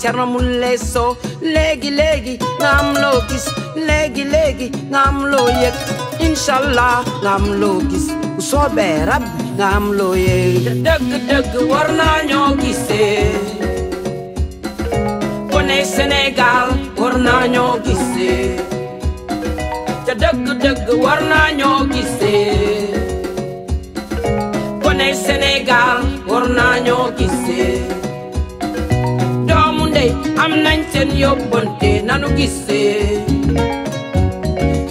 Thierno Moule Sow léegi léegi nga loo gis léegi léegi nga loo yëg inshallah nga loo gis bu rab nga loo yëg dëgg dëgg dëgg war naa ñoo gisee kone Sénégal war naa ñoo gisee dey am nañ seen yóbbante nanu gisee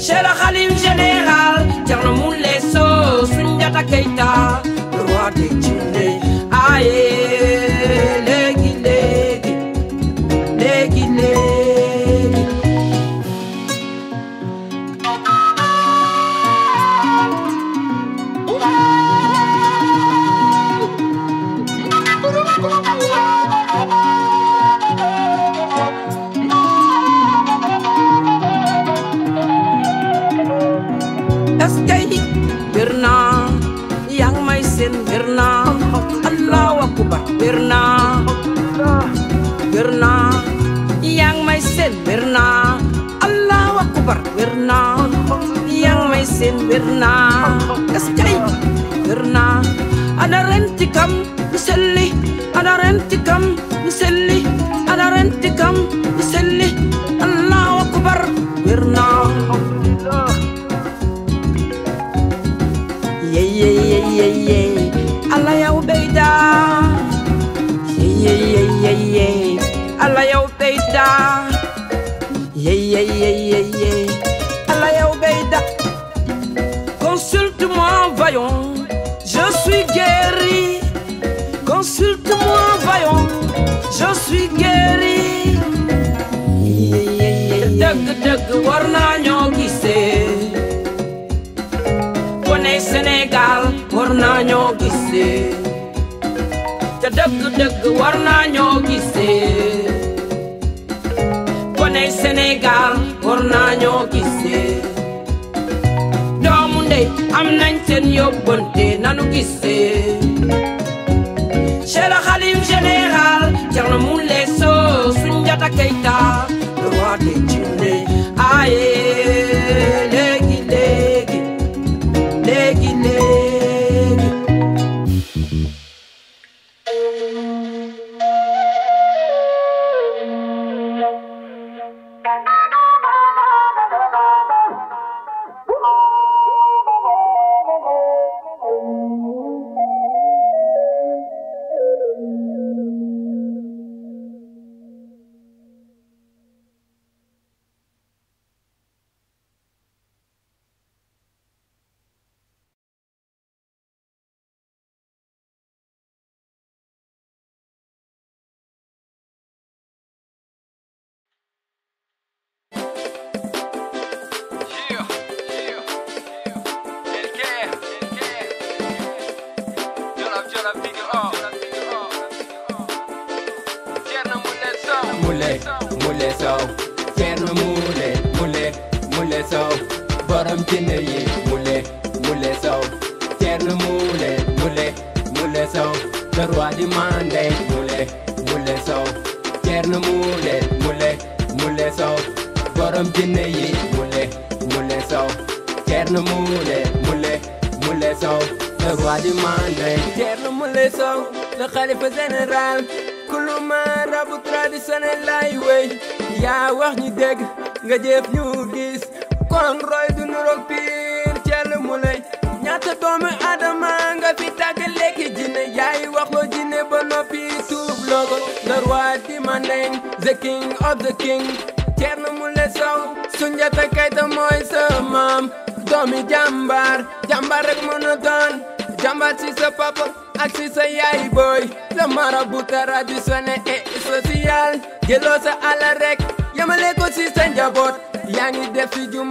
Cheikh la xalif général Thierno Moule Sow Soundiata Keita le roi des Djinné aye jabar wér naa yang may seen kam ñu selli kam ñu selli kam ñu allahu akbar wér naa yey yey yey yey yey ala yow je suis guéri consulte-moi voyons je suis guéri dëgg dëgg war naa ñoo gisee kone Sénégal war naa ñoo gisee goney Sénégal war nañoo gisee doomu ndey am nañ seen yóbbante nanu gisee Cheikh Khalif général Thierno Moule Sow Soundiata Keita le roi des Djinné aye léegi Soundiata Keita mooy sa maam doomi jàmbaar jàmbaar rek mënu doon jàmbaar ci sa papa ak ci sa yaay booy la marabu traditionnel et social e jëloo e sa alal rek yamale e ko njaboot yaa ngi def ci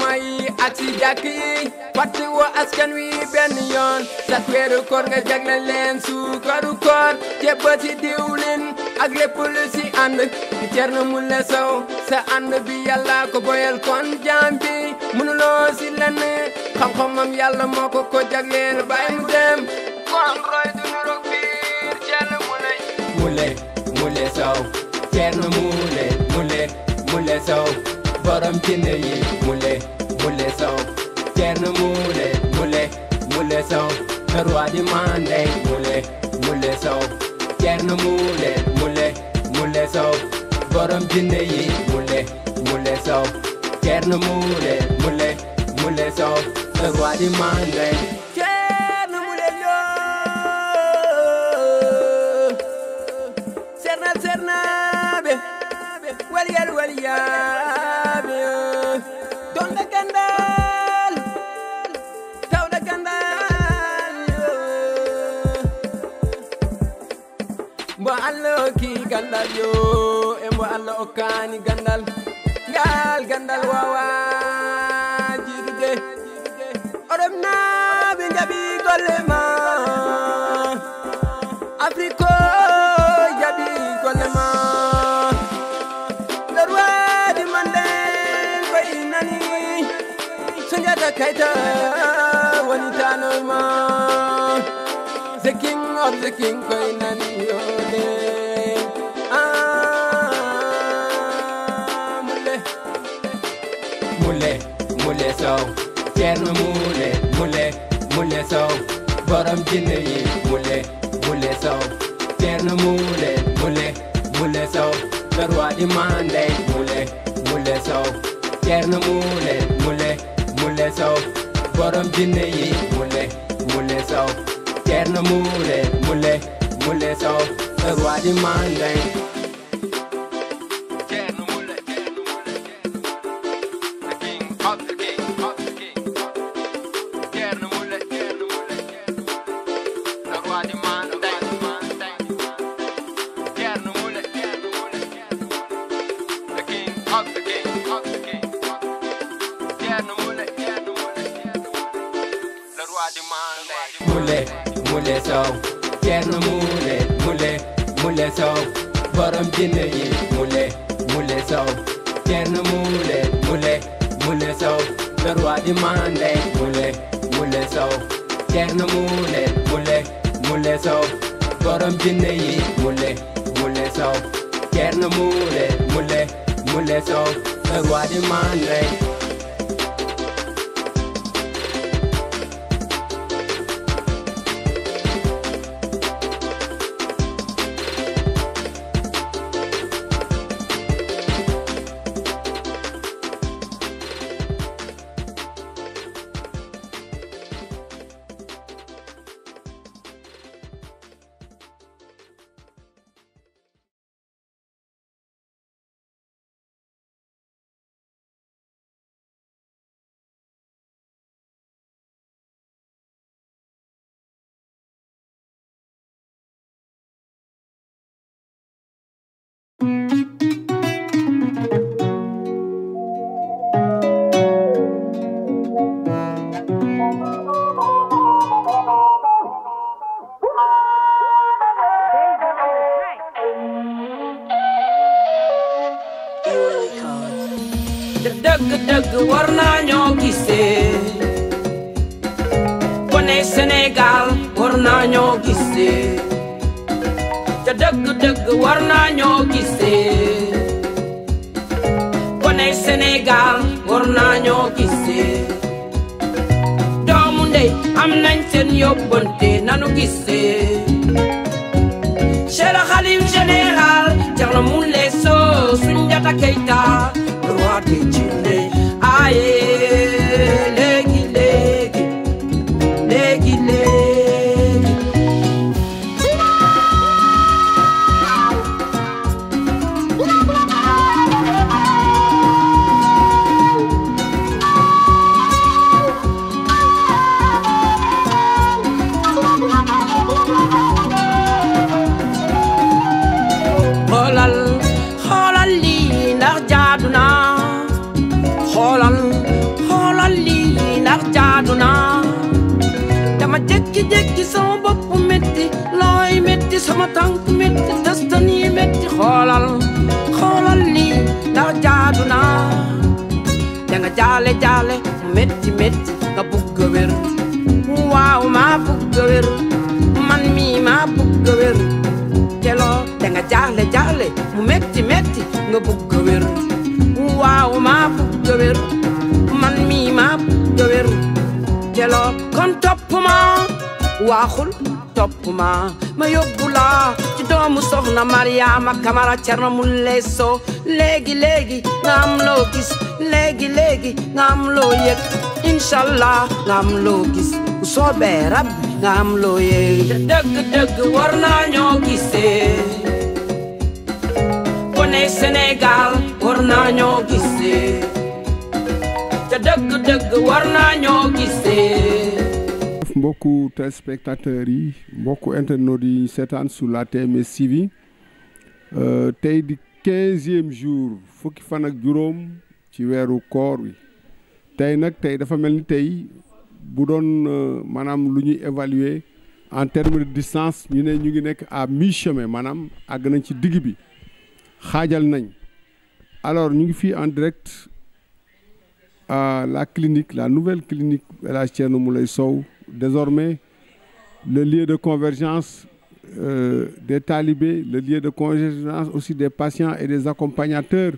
ak ci jàkk yi askan wi benn sa weeru koor nga jagle suukaru koor ceeb ba diwlin ak lépp lu si ànd di Thierno Moule Sow sa ànd bi yàlla ko boyal kon jaam bi mënuloo lenn xam-xamam yàlla moo ko ko jagleel bàyyi mu dem kon roy du nu rog biir Thierno Moule Moule Moule Sow Thierno Moule Moule Moule Sow borom jinne yi Moule Moule Sow Thierno Moule Moule Moule Sow le roi du Mandé Moule Moule Sow Thierno Moule sow borom jinne yi mule mule sow Thierno Moule Moule Moule Sow le roi du mandeng Thierno Moule Lo Serna Serna be walyal walyal be don la gandal taw la gandal mbo gandal yo e mbo allah okkani gandal ngal gandal wawa jiidude oɗon naɓe jaaɓi golle ma afrique jaaɓi golle ma lorwadi mande koy nani so jata kayta woni tanol ma the king of the nani soxna mule mule mule sow borom jinne yi mule mule sow ceerno mule mule mule sow le roi di mandey mule mule sow ceerno mule mule mule sow borom jinne yi mule mule sow ceerno mule mule mule sow le roi di mandey dëgg-dëgg war naa ñoo gisee kone Sénégal war naa ñoo gisee te dëgg-dëgg war naa ñoo gisee doomu ndey am nañ seen yóbbante nanu gisee Cheikh Khalif général Thierno Moule Sow Soundiata Keita heart did you lay? jaale jaale fu metti metti nga bugg a wér waaw maa bugg a wér man mii maa bugg a wér te loo da nga jaale jaale fu metti metti nga bugg a wér waaw maa bugg a wér man mii maa bugg a wér te loo kon topp ma topp ma ma yóbbu la ci doomu soxna Mariama Kamara Cerno Mulle Sow léegi léegi nga am loo gis léegi léegi nga loo yëg inshallah nga loo gis bu soobee rab nga am loo dëgg dëgg war naa ñoo gisee kone Sénégal war naa ñoo gisee mbokku téléspectateurs yi mbokku internautes yi seetaan sur la TMS TV euh, tey di quinzième jour fukki fan ak juróom ci weeru koor wi tey nag tey dafa mel ni tey bu doon euh, maanaam lu ñuy évaluer en terme de distance ñu ne ñu ngi nekk à mi-chemin maanaam àgg nañ ci digg bi xaajal nañ alors ñu ngi fii en direct à la clinique la nouvelle clinique El Hadj Thierno Moulay Sow désormais le lieu de convergence euh, des talibés, le lieu de convergence aussi des patients et des accompagnateurs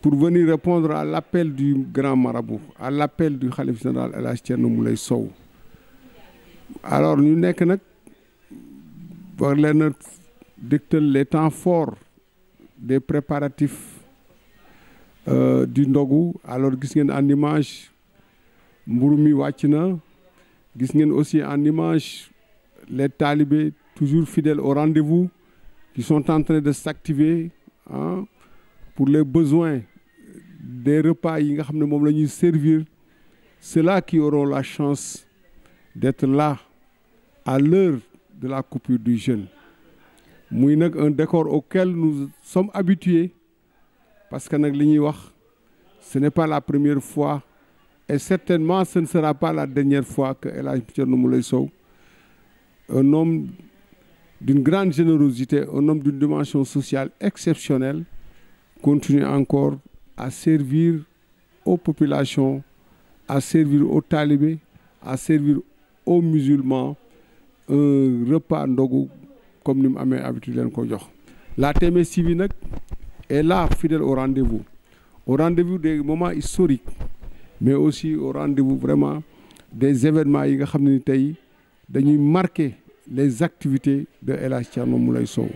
pour venir répondre à l'appel du grand marabout, à l'appel du Khalif général El Hadj Thierno Moulay Sow alors ñu nekk nag war leen a dégtal les temps forts des préparatifs euh, du ndogu alors gis ngeen en image mburu mi wàcc na gis ngeen aussi en image les talibés toujours fidèles au rendez-vous qui sont en train de s'activer ah pour les besoins des repas yi nga xam ne moom la ñuy servir ceux-là qui auront la chance d'être là à l'heure de la coupure du jeûne muy nag un décor auquel nous sommes habitués parce que nag li ñuy wax ce n'est pas la première fois Et certainement, ce ne sera pas la dernière fois que El Hadj Thierno Moulay Sow, un homme d'une grande générosité, un homme d'une dimension sociale exceptionnelle, continue encore à servir aux populations, à servir aux talibés, à servir aux musulmans un repas ndogu comme ni mu amee habitude leen ko jox. La TMS TV nag est là fidèle au rendez-vous, au rendez-vous des moments historiques. mais aussi au rendez-vous vraiment des événements yi nga xam ne ni tey dañuy marquer les activités de El Hadj Thierno Moulay Sow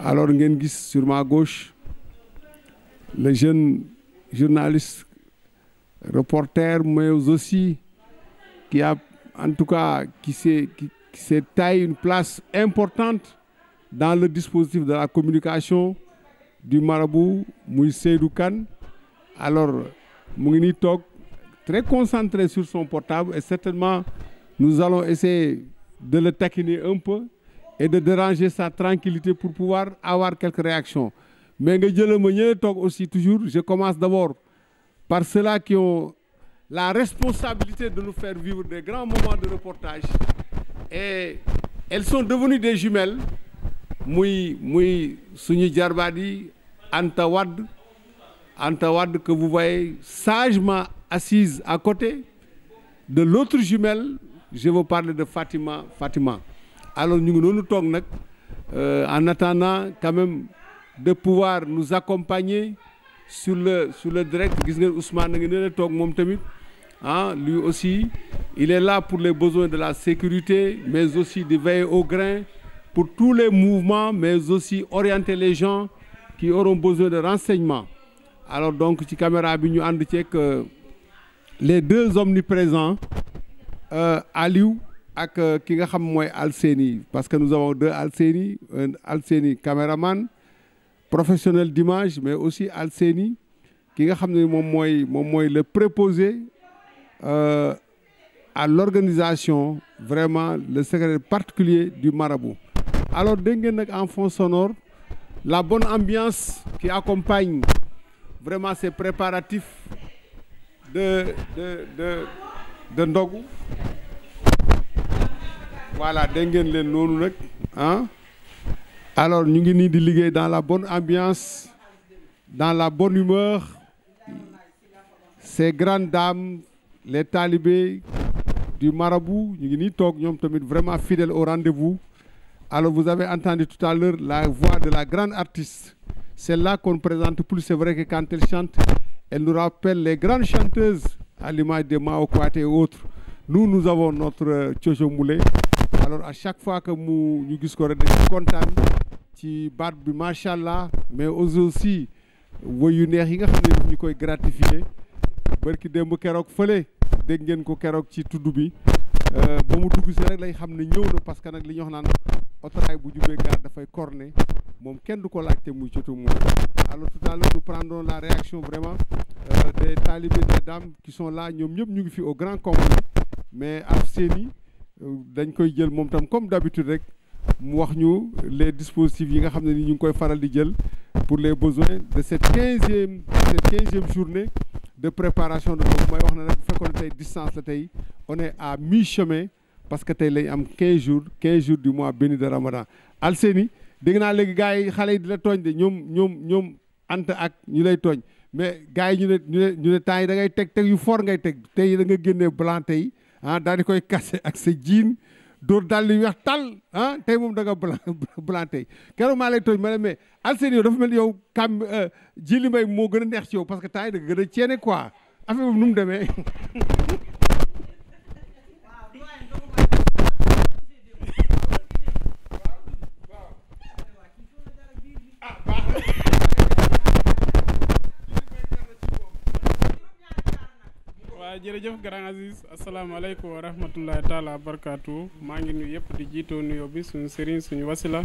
alors ngeen gis sur ma gauche le jeune journaliste reporter mais aussi qui a en tout cas ki s'est qui, qui s'est une place importante dans le dispositif de la communication du marabout muy Seydou kan alors mu ngi nii toog très concentré sur son portable et certainement nous allons essayer de le taquiner un peu et de déranger sa tranquillité pour pouvoir avoir quelques réactions. Mais je Tok aussi toujours, je commence d'abord par ceux-là qui ont la responsabilité de nous faire vivre de grands moments de reportage. Et elles sont devenues des jumelles. Moui, Moui, Souni Djarbadi, Antawad, Anta Wade que vous voyez sagement assise à côté de l'autre jumelle je veux parler de Fatima Fatima alors ñu ngi noonu toog nag euh, en attendant quand même de pouvoir nous accompagner sur le sur le direct gis ngeen Ousmane na ngi ne toog moom tamit ah lui aussi il est là pour les besoins de la sécurité mais aussi de veiller au grain pour tous les mouvements mais aussi orienter les gens qui auront besoin de renseignements alors donc ci caméra bi ñu ànd ceeg euh, les deux omniprésents euh, Aliou ak euh, ki nga xam mooy Alseni parce que nous avons deux Alseni un Alseni caméraman professionnel d'image mais aussi Alseni ki nga xam ne moom mooy moom mooy le préposé euh, à l'organisation vraiment le secrétaire particulier du marabout alors dégg ngeen nag en fond sonore la bonne ambiance qui accompagne vraiment ces préparatifs de de de de ndogu voilà de ngeen leen noonu rek ah alors ñu ngi nii di liggéey dans la bonne ambiance dans la bonne humeur ces grandes dames les talibés du marabout ñu ngi nii toog ñoom tamit vraiment fidèles au rendez-vous alors vous avez entendu tout à l'heure la voix de la grande artiste C'est là qu'on ne présente plus. C'est vrai que quand elle chante, elle nous rappelle les grandes chanteuses à l'image de Mao Kouaté et autres. Nous, nous avons notre euh, Thiocho alors à chaque fois que mu ñu gis ko rek dañuy kontaan ci baat bi macha allah mais aussi woy yu neex yi nga xam ne daf koy gratifier barki démb keroog fële dégg ngeen ko keroog ci tudd bi euh, ba mu dugg si rek lay xam ne ñëw na parce que nag li ñu wax naan autorail bu jubee gare dafay corner moom kenn du ko laajte muy jotu moom alors tout à l'heure la réaction vraiment euh, des talibés des dames qui sont là ñoom ñëpp ñu ngi fi au grand complet mais af seeni euh, dañ koy jël moom tam comme d'habitude rek mu wax ñu les dispositifs yi nga xam ne ni ñu ngi koy faral di jël pour les besoins de cette quinzième cette quinzième journée de préparation de boobu may wax na nag bu fekkoon tey distance la tey on est à mi-chemin parce que tey lañ am 15 jours 15 jours du mois béni de Ramadan Alseni dégg naa léegi gars yi xale yi di la tooñ de ñoom ñoom ñoom ant ak ñu lay tooñ mais gars yi ñu ne ñu ne ñu temps yi dangay teg teg yu foor ngay teg tey da nga génnee blanc tey ah daal di koy kase ak sa jiin dóor daal di weex tal ah tey moom da nga blanc blanc tey keroog maa lay tooñ ma ne mais Alseni yow dafa mel yow kam euh, ji li mbay moo gën a neex ci yow parce que temps yi da nga gën a ceene quoi affaire nu mu demee waaw jërëjëf grand Aziz asalaamaaleykum wa rahmatullahi taala wa barakaatu maa ngi nuyu yëpp di jiitoo nuyoo bi suñu sëriñ suñu wasila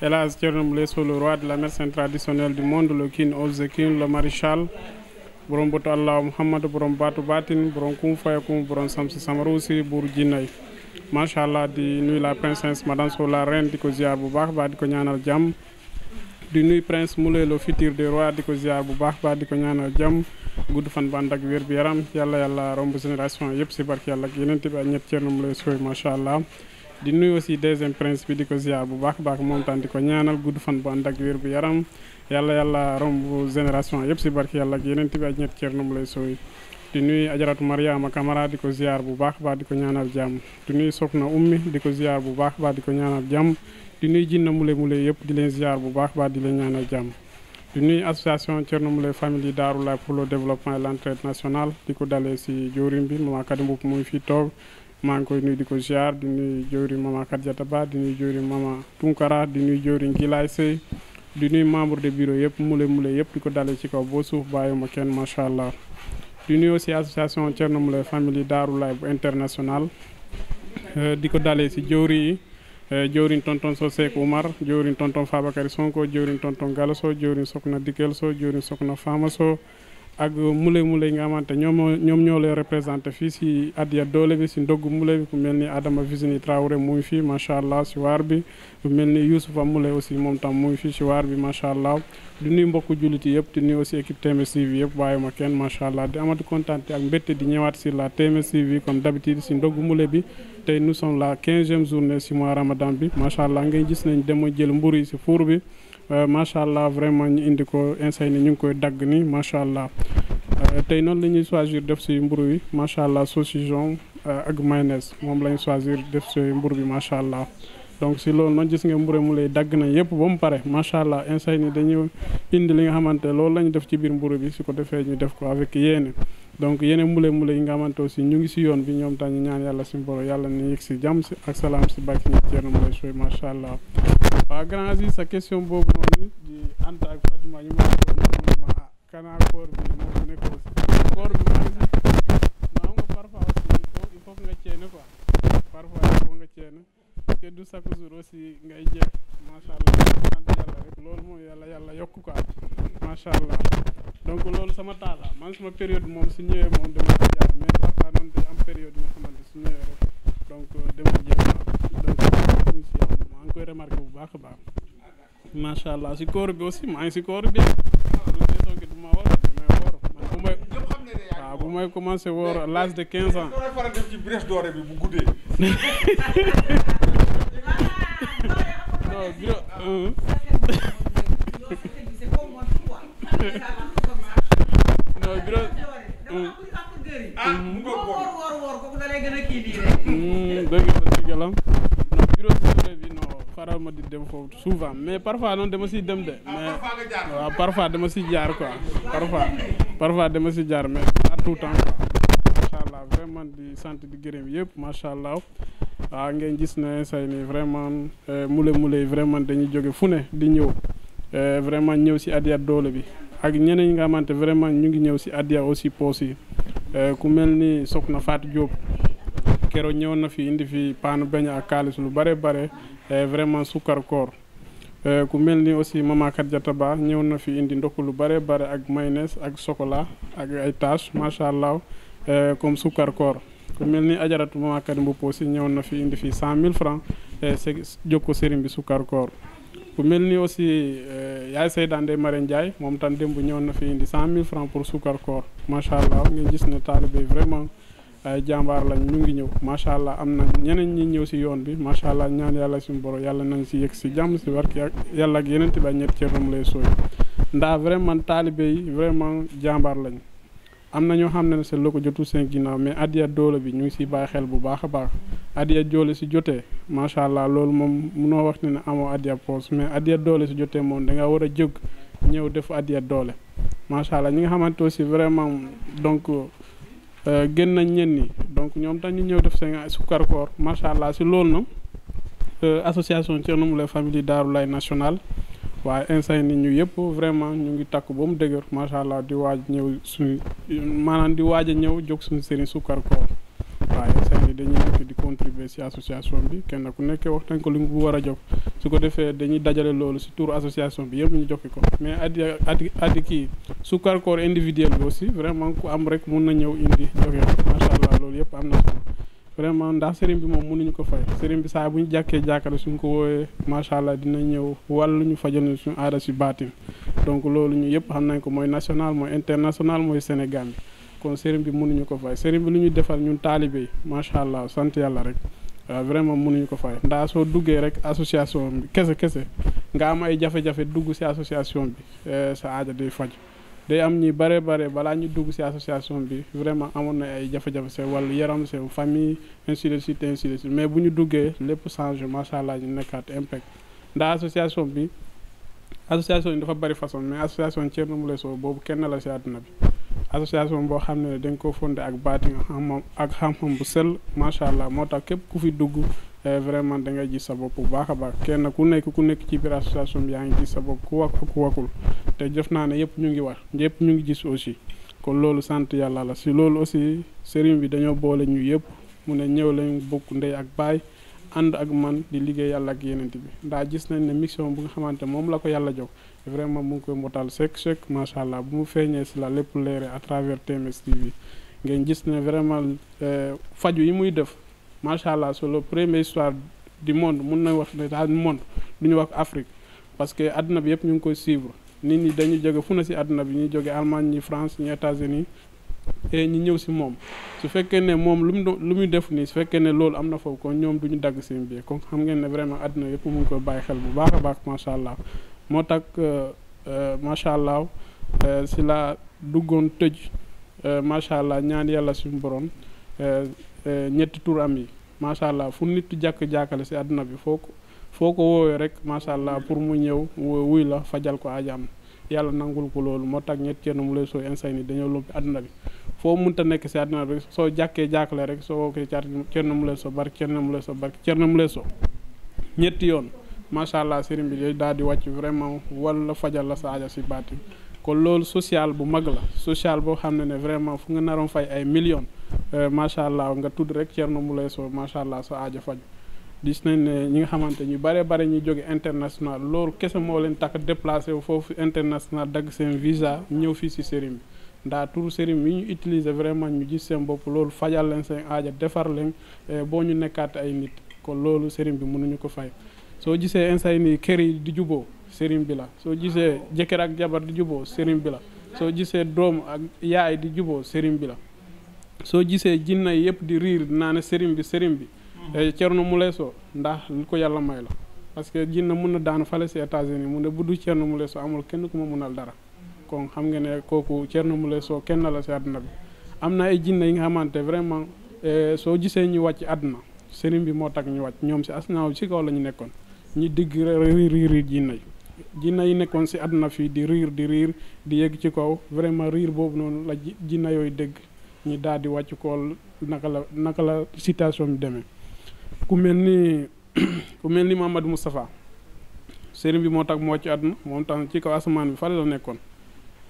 El Hadj Thierno Moule Sow le roi de la médecine traditionnelle du monde le king of king le maréchal borom bëtu allah muhammad borom baatu baatin borom kum fayakum borom samsi samarusi buur jinnay macha allah di nuy la princesse madame Sow la reine di ko ziar bu baax baa di ko ñaanal jàmm di nuyu prince Moule bu baax baa di ko ñaanal gudd fan bu ànd ak wér bi yaram yàlla yàlla romb génération yëpp si barke yàlla ak yeneen bi ak ñett cernum lay sooy macha allah di nuyu aussi deuxième prince bi baax baax di ko ñaanal gudd fan bu ànd ak wér bu yaram yàlla yàlla romb génération yëpp si barke yàlla ak yeneen bi ak ñett cernum lay sooy di nuyu ajaratu mariama camara di ko ziar bu baax baax di ko ñaanal jàmm di nuyu soxna di ko ziar bu baax baax di ko ñaanal jàmm di nuyu jinna mule mule yëpp di leen ziar bu baax baax di leen ñaanal jàmm di nuyu association Thierno Moule Famille Darou Laye pour le développement et l'entraide di ko dalee si jawriñ bi Mama Kadi Mboup muy fii toog maa ngi koy nuyu di ko ziar di nuyu jawriñ Mama Kadiata Ba di nuyu jawriñ Mama Tunkara di nuyu jawriñ Gilaay Sey di nuyu membre de bureau yëpp Moule Moule yëpp di ko dalee ci kaw boo suuf bàyyuma kenn macha allah. di nuyu aussi association Thierno Moule Famille Darou Laye bu international euh, di ko dalee si jawriñ yi. Eh, jëwriñ tonton so Seck Oumar jëwriñ tonton Fabakary Sonko jëwriñ tonton Galasso jëwriñ Sokhna Dikel So jëwriñ Sokhna Fama So ak mule mule yi nga xamante ñoom ñoom ñoo lay représenté fii si addiya doole bi si ndogg mule bi ku mel ni Adama Vizini trawre mu ngi fii macha allah si waar bi ku mel ni Youssoufa mule aussi moom tam mu ngi fii si waar bi macha allah. du nuyu mbokku jullit yi yëpp di nuyu aussi équipe TMS TV yëpp bàyyi ma kenn macha allah di amati kontaan ak mbégte di ñëwaat si la TMS TV comme d'habitude si ndogu mule bi tey nu sommes la quinzième journée si mois ramadan bi macha allah ngay gis nañ dem jël mburu yi si four bi euh, macha allah vraiment ñu indi ko insay ni ñu ngi koy dagg ni macha allah euh, tey noonu la ñuy choisir def si mburu yi macha allah saucisson euh, ak mayonnaise moom la choisir def si mburu bi macha allah donc si loolu noonu gis nga mbure mu lay dagg nañ yëpp ba mu pare macha allah instant ni dañuy indi li nga xamante loolu la ñu def ci biir mburu bi su ko defee ñu def ko avec yéene donc yeneen mbule mbule yi nga xamante aussi ñu ngi si yoon bi ñoom tam ñu ñaan yàlla si mboro yàlla ni yëg si jàmm si ak salaam si bàkki ñi Thierno Moule Sow macha allah waaw sa question boobu noonu di Anta ak Fatima ñu ma ma kanaa koor bi moo bi maa nga parfois aussi il nga ceene parce que du chaque jour aussi ngay jeex macha allah yàlla rek loolu mooy yàlla yàlla yokk ko allah donc loolu sama taala man sama période moom si ñëwee moom dama ko jaar mais parfois noonu day am période nga xamante su ñëwee rek donc euh, dama jéem donc maa ngi koy remarqué bu baax a baax macha allah si koor bi aussi maa ngi si koor bi waaw bu may commencé woor à l'âge de quinze ans. parfois noonu dama si dem de ah, mais waaw parfois dama si jaar quoi parfois parfois dama si jaar mais à tout temps quoi macha allah vraiment di sant di gërëm yëpp macha allah waaw ah, ngeen gis na say ni vraiment eh, mule mule yi vraiment dañuy jóge fu ne di ñëw eh, vraiment ñëw si Hadia doole bi ak ñeneen ñi nga xamante vraiment ñu ngi ñëw si Hadia aussi poos yi eh, ku mel ni Sokhna Fatou Diop keroog ñëw na fi indi fi paanu beñ ak kaalis lu bare bare vraiment sukkar koor Euh, ku mel ni aussi maman Khadjata Ba ñëw na fi indi ndokk lu bare bare ak mayonnaise ak chocolat ak ay tâche macha allah euh, comme sukkar koor ku mel ni ajaratu maman Karim Mboup aussi ñëw na fi indi fi cent mille francs euh, jokko sëriñ bi sukkar koor ku mel ni aussi yaay Seydaan Ndeye Marème Ndiaye moom tam démb ñëw na fi indi cent mille francs pour sukkar koor macha allah ngeen gis ne taalibe vraiment ay jàmbaar lañ ñu ngi ñëw macha allah am na ñeneen ñi ñëw si yoon bi macha allah ñaan yàlla suñu borom yàlla nañ si yegg si jàmm si barke ak yàlla ak yeneen ba ñett cëram lay sooy ndax vraiment taalibe yi vraiment jàmbaar lañ am na ñoo xam ne seen looko jotul seen ginnaaw mais adiya doole bi ñu ngi siy bàyyi xel bu baax a baax adiya doole si jotee macha allah loolu moom munoo wax ne ne amoo adiya poos mais adiya doole si jotee moom da nga war a jóg ñëw def adiya doole Euh, génn nañ ñenn ñi donc ñoom dañu ñëw def seen sukkar koor macha allah si loolu na euh, association mu Moule Famille Darou Lay national waaye instant ni ñu yëpp vraiment ñu ngi takk ba mu dëgër macha allah di waaj ñëw su maanaam di waaj a ñëw jóg suñu sëriñ sukkar koor dañu nekk di contribuer ci association bi kenn ku nekk wax nañ ko lu bu war a jox su ko defee dañuy dajale loolu ci tour association bi yëpp ñu joxe ko mais addi addi addi kii sukkar koor individuel bi aussi vraiment ku am rek mun na ñëw indi joxe macha allah loolu yëpp am na solo vraiment ndax sëriñ bi moom mënuñu ko fay sëriñ bi saa bu ñu jàkkee jàkkale suñ ko wooyee macha allah dina ñëw wàllu ñu fajal ñu suñu aada ci baatin donc loolu ñu yëpp xam nañ ko mooy national mooy international mooy Sénégal kon sëriñ bi mënuñu ko fay sëriñ bi lu ñu defar ñun taalibe yi macha allah sant yàlla rek euh, vraiment mënuñu ko fay ndaa soo duggee rek association bi kese kese nga am ay jafe-jafe dugg si association bi euh, sa aaja day faj day am ñi bare bare balaa ñu dugg si association bi vraiment amoon na ay jafe-jafe seen wàllu yaram seen famille ainsi de suite ainsi si mais bu ñu duggee lépp changé macha allah ñu nekkaat impact ndaa association bi association yi dafa bari façon mais association Thierno Moule Sow boobu kenn la si àdduna bi. association boo xam ne dañ ko fondé ak baati xam-xam ak xam bu sel macha allah moo tax képp ku fi dugg eh, vraiment da ngay gis sa bopp bu baax a baax kenn ku nekk ku nekk ci biir association bi yaa ngi gis sa bopp ku wax ak ku waxul te jëf naa ne yëpp ñu ngi war yëpp ñu ngi gis aussi kon loolu sant yàlla la si loolu aussi sëriñ bi dañoo boole ñu yëpp mu ne ñëw lañu bokk ndey ak baay ànd ak man di liggéey yàlla ak yeneen bi ndax gis nañ ne mission bu nga xamante moom la ko yàlla jox vraiment mu ngi koy mbotaal sek sek macha allah bu mu feeñee si la lépp leere à travers TMS TV ngeen gis ne vraiment euh, faju yi muy def macha allah sur le première histoire du monde mun na wax ne daal monde du ñu wax Afrique parce que àdduna bi yëpp ñu ngi koy suivre nit ñi dañuy jóge fu na si àdduna bi ñuy jóge Allemagne ñi France ñi États-Unis et ñi ñëw si moom su fekkee ne moom lu mu lu muy def nii su fekkee ne loolu am na foofu kon ñoom du dagg seen biir kon xam ngeen ne vraiment àdduna yëpp mu ngi koy bàyyi xel bu baax a baax macha allah. moo tax euh, euh, macha allah euh, si laa duggoon tëj macha allah ñaan yàlla suñu borom ñetti tur am yi macha allah fu nit jàkk-jàkkale si àdduna bi foo ko foo rek macha allah mm-hmm. pour mu ñëw wuy la fajal ko ajaam yàlla nangul ko loolu moo tax ñett yenn mu lay soo insay ni dañoo lóbbi àdduna bi foo mun mënta nekk si àdduna bi soo jàkkee jàkkale rek soo wookee car cer mu lay soo barke cer na mu lay soo barke cer na mu lay soo ñetti yoon macha allah sëriñ bi day daal di wàcc vraiment wala fajal la sa aajo si baatin kon loolu social bu mag la social boo xam ne ne vraiment fu nga naroon fay ay millions euh, macha allah nga tudd rek Thierno lay Sow macha allah sa aajo faj gis nañ ne ñi nga xamante ñu bare bare ñu jóge international loolu kese moo leen takk déplacé wu foofu international dagg seen visa ñëw fii si sëriñ bi ndaa turu sëriñ bi ñu utiliser vraiment ñu gis seen bopp loolu fajal seen aaja defar leen euh, boo ñu nekkaat ay nit kon loolu sëriñ bi mënuñu ko fay. soo gisee instant yi nii kër yi di juboo sëriñ bi la soo gisee jëkkër ak jabar di juboo sëriñ bi la soo gisee doom ak yaay di juboo sëriñ bi la soo gisee jinna yëpp di riir naa ne sëriñ bi sëriñ bi Thierno mm. eh, Moule Sow ndax lu ko yàlla may la parce que jinna mun na daanu fale si États-Unis mu ne bu du Thierno Moule Sow amul kenn ku ma munal dara kon xam nga ne kooku Thierno Moule Sow kenn la si àdduna bi am na ay jinne yi nga xamante vraiment eh, soo gisee ñu wàcc àdduna sëriñ bi moo tax ñu ñoom si asnaaw si kaw la ñu nekkoon ñi digg riir riir yi jinne yi nekkoon si àdduna fii di riir di riir di yëg ci kaw vraiment riir boobu noonu la ji jinne yooyu dégg ñi daal di wàcc kool naka la naka la situation bi demee ku mel ni ku mel ni Mouhamadou Moustapha sëriñ bi moo tax mu wàcc àdduna moom tax ci kaw asamaan bi fale la nekkoon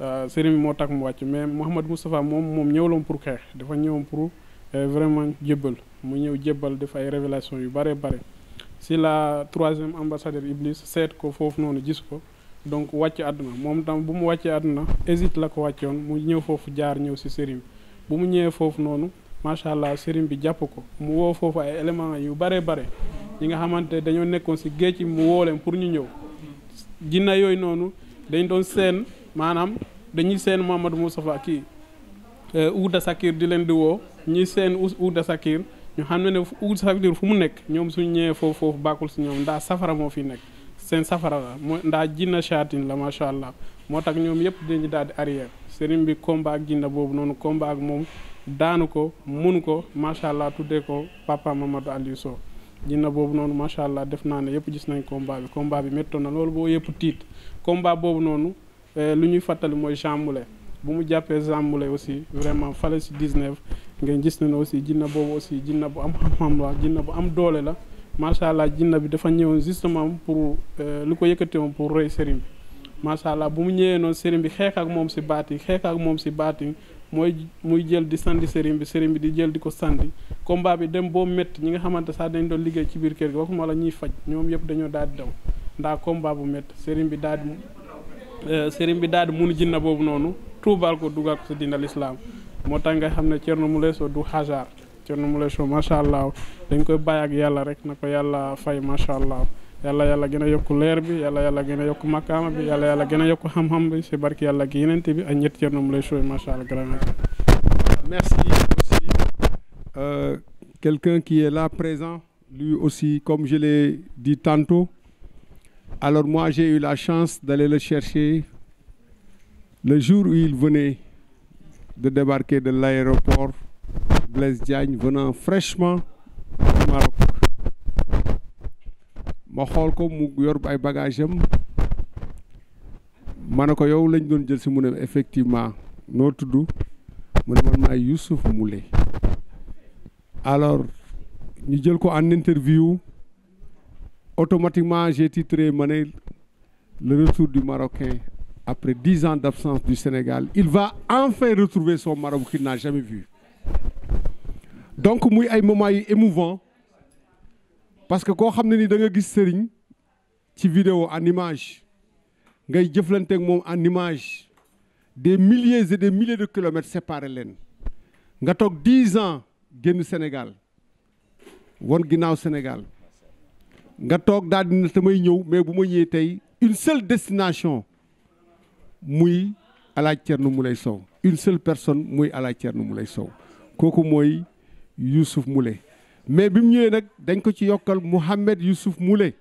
euh, sëriñ bi moo tax mu wàcc mais Mouhamadou Moustapha moom moom ñëwloon pour xeex dafa ñëwoon pour euh, vraiment jébbal mu ñëw jébbal def ay révélation yu bare bare si la troisième ambassadeur Iblis seet ko foofu noonu gis ko donc wàcc àdduna moom tam bu mu wàccee àdduna hésite la ko wàccoon mu ñëw foofu jaar ñëw si sëriñ bu mu ñëwee foofu noonu macha allah sëriñ bi jàpp ko mu woo foofu ay éléments yu bare bare ñi nga xamante dañoo nekkoon si géej mu wooleem pour ñu ñëw jinna yooyu noonu dañ doon seen maanaam dañuy seen Mouhamadou Moustapha kii euh, Ouda Sakir di leen di woo ñi seen Ouda Sakir ñu xam ne ne ugul safir fu mu nekk ñoom suñ ñëwee foofu foofu bàkkul si ñoom ndaa safara moo fi nekk seen safara la moo ndaa jinna shatin la macha allah moo tax ñoom yëpp dinañu daal di arrière sëriñ bi combat ak jinna boobu noonu combat ak moom daanu ko mun ko macha allah tuddee ko papa Mamadou Aliou Sow jinna boobu noonu macha allah def naa ne yëpp gis nañ combat bi combat bi méttoon na loolu boo yëpp tiit combat boobu noonu eh, lu ñuy fàttali mooy Jean bu mu jàppee Jean Moulin aussi vraiment fale si 19 ngeen gis na ne aussi jinna boobu aussi jinna bu am xam-xam la jinna bu am doole la macha allah jinna bi dafa ñëwoon justement pour euh, lu ko yëkkati woon pour rey sëriñ bi macha allah bu mu ñëwee noonu sëriñ bi xeex ak moom si baati xeex ak moom si baati mooy muy jël di sandi sëriñ bi sëriñ bi di jël di ko sandi combat bi dem boo métti ñi nga xamante sax dañu doon liggéey ci biir kër gi waxuma la ñuy faj ñoom yëpp dañoo daal di daw ndax combat bu métti sëriñ bi daal di euh, sëriñ bi daal di munu jinna boobu noonu tuubaal ko dugal ko si dina moo tax nga xam ne Thierno Moule Sow du hasard Thierno Moule Sow macha allah dañ koy bàyyi ak yàlla rek na ko yàlla fay macha allah yàlla yàlla gën a yokk leer bi yàlla yàlla gën a yokk makaama bi yàlla yàlla gën a yokk xam-xam bi si barki yàlla gi yenente bi ak ñett Thierno Moule Sow macha allah grand merci aussi euh, quelqu'un qui est là présent lui aussi comme je l'ai dit tantôt alors moi j'ai eu la chance d'aller le chercher le jour où il venait de débarquer de l'aéroport Blaise Diagne venant fraîchement du Maroc ma xool ko mu yor ay bagages am ne ko yow lañ doon jël si mu ne effectivement noo tudd mu ne man maay Youssouf Moulé alors ñu jël ko en interview automatiquement j'ai titré ma ne le retour du Marocain après dix ans d'absence du Sénégal il va enfin retrouver son marabout qu'il n'a jamais vu donc muy ay moments yu émouvant parce que koo xam ne ni da nga gis sëriñ ci video en image ngay jëflanteek moom en image des milliers et des milliers de kilomètres séparés leen nga toog dix ans génn Sénégal won ginnaaw Sénégal nga toog daal dina may ñëw mais bu ma ñëwee tey une seule destination muy alaaj mu lay Sow une seule personne muy alaaj Thierno Moulay Sow kooku mooy Youssouf Moulay mais bi mu ñëwee nag dañ ko ci yokkal Mouhamed Youssouf Moulay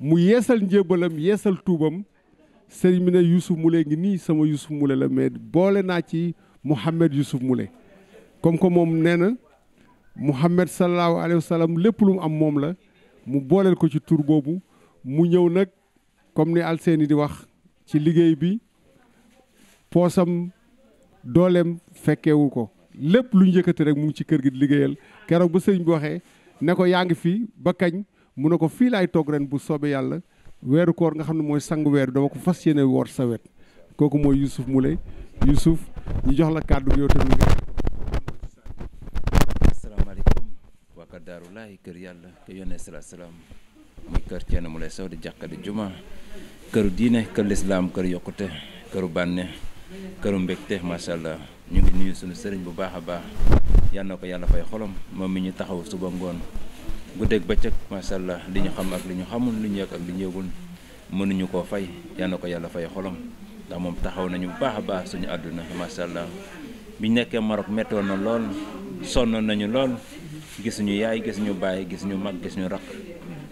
mu yeesal njébalam yeesal tuubam sëriñ bi ne Youssouf Moulay ngi nii sama Youssouf Moulay la mais boole naa ci Mouhamed Youssouf Moulay comme que moom nee na Mouhamed sallallahu alayhi wa sallam lépp lu am moom la mu booleel ko ci tuur boobu mu ñëw nag comme ni Alseeni di wax ci liggéey bi poosam dooleem fekkewu ko lépp lu ñu yëkkati rek mu ngi ci kër gi di liggéeyal keroog ba sëñ bi waxee ne ko yaa ngi fii ba kañ mu ne ko fii laay toog ren bu soobee yàlla weeru koor nga xam ne mooy sangu weer dama ko fas yéene woor sa wet kooku mooy Youssouf Moulay Youssouf ñu jox la kàddu gi yow tamit kër Daaru Laay kër yàlla kër yónnee salaam muy kër Thierno Moulay di jàkka di juma këru diine kër lislaam kër yokkute këru bànne këru mbégte macha allah ñu ngi nuyu suñu sëriñ bu baax a baax yal ko yàlla fay xolom moom mi ñu taxaw suba ngoon guddeeg bëccëg macha allah li ñu xam ak li ñu xamul li ñu yëg ak li ñu yëgul mënuñu koo fay yal ko yàlla fay xolom ndax moom taxaw nañu bu baax a baax suñu àdduna macha allah biñ nekkee Maroc méttoon na lool sonnoon nañu lool gisuñu yaay gisuñu baay gisuñu mag ñu rakk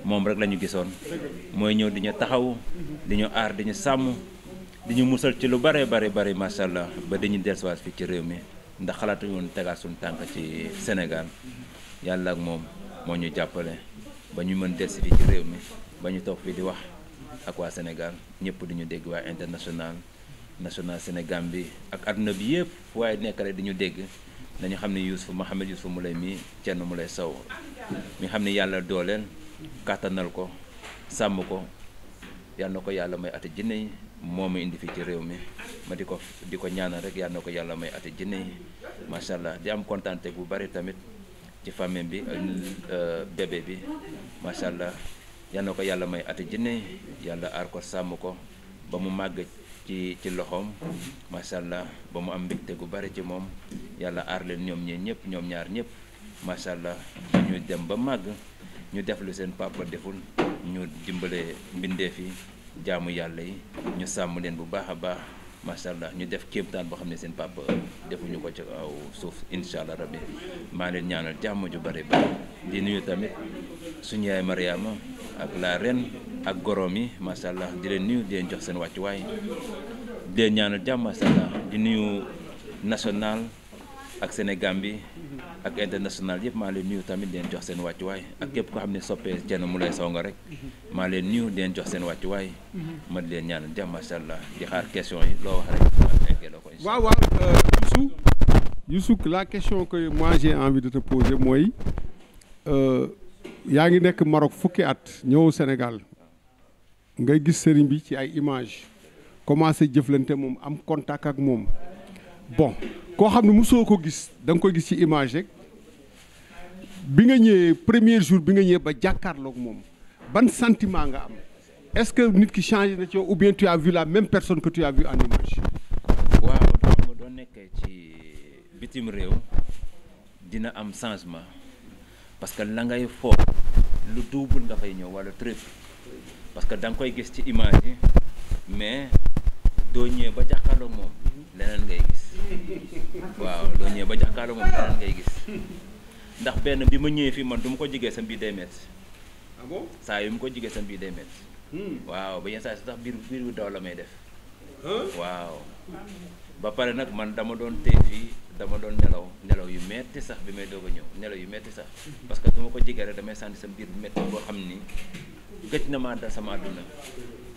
moom rek la ñu gisoon mooy ñëw di ñu taxaw di ñu aar di ñu sàmm di ñu musal ci lu bare bare bare macha allah ba di ñu dellusiwaat fii ci réew mi ndax xalaatuñu woon tegaat suñu tànk ci Sénégal yàlla ak moom moo ñu jàppale ba ñu mën dellusi fii ci réew mi ba ñu toog fii di wax ak waa Sénégal ñëpp di ñu dégg waa international national Sénégal bi ak àdduna bi yëpp waaye nekk di ñu dégg. dañu xam ne Youssouf Mouhamed Youssouf mu lay mii Thierno mu lay Sow mi xam ne yàlla kàttanal ko sàmm ko yal ko yàlla may ati jinne yi moo ma indi fi ci réew mi ma di ko di ko ñaanal rek yal na ko yàlla may ati jinne yi macha allah di am kontante bu bari tamit ci famille bi ak euh, bébé bi macha allah yal ko yàlla may ati jinne yi yàlla aar ko sàmm ko ba mu màgg ci ci loxoom macha allah ba mu am mbégte gu bari ci moom yàlla aar leen ñoom ñee ñëpp ñoom ñaar ñëpp macha allah ñu dem ba màgg. ñu def lu seen papa deful ñu dimbale mbindeef yi jàmm yàlla yi ñu sàmm leen bu baax a baax macha allah ñu def kéemtaan boo xam ne seen papa defuñu ko ci aw suuf incha allah rabbi maa leen ñaanal jàmm ju bëri ba di nuyu tamit suñu yaay Mariama ak laa ren ak goroom yi macha allah di leen nuyu di leen jox seen wàccuwaay di leen ñaanal jàmm macha allah di nuyu national ak Sénégal bi. ak international yëpp maa leen nuyu tamit deen jox seen wàccuwaay ak mhm. képp ko xam ne soppee Thierno Moulé Sow nga rek mhm. maa leen nuyu deen jox seen wàccuwaay mhm. ma di leen ñaanal jàmm macha allah di xaar question yi loo wax rek waaw waaw euh, Youssou Youssou la question que moi j'ai envie de te projet mooy euh, yaa ngi nekk Maroc fukki at ñëw Sénégal ngay gis sëriñ bi ci ay image commencé jëflante moom am contact ak moom bon koo xam ne mosoo ko gis da nga koy gis ci image rek bi nga ñëwee premier jour bi nga ñëwee ba jàkkaarlook moom ban sentiment nga am est-ce que nit ki changé na ci yow ou bien tu as vu la même personne que tu as vu en image. waaw doo nekkee ci bitim réew dina am changement parce que la ngay foog lu double nga fay ñëw wala triple parce que da nga koy gis ci image yi mais doo ñëwee ba jàkkaarloog moom leneen ngay gis. waaw loo ñëwee ba jàkkaarloo moom daan gis ndax benn bi ma ñëwee fii man du ko jigee sa biir day métti ah saa yu mu ko jigee sa biir day métti hmm. waaw ba yenn saa yi sax biir biir bu la may def waaw pare nag man dama doon tey fii dama doon nelaw nelaw yu metti sax bi may doog a ñëw nelaw yu metti sax parce que du ko jigee damay sànni sa biir bu metti boo xam ni gëj na maa dal sama àdduna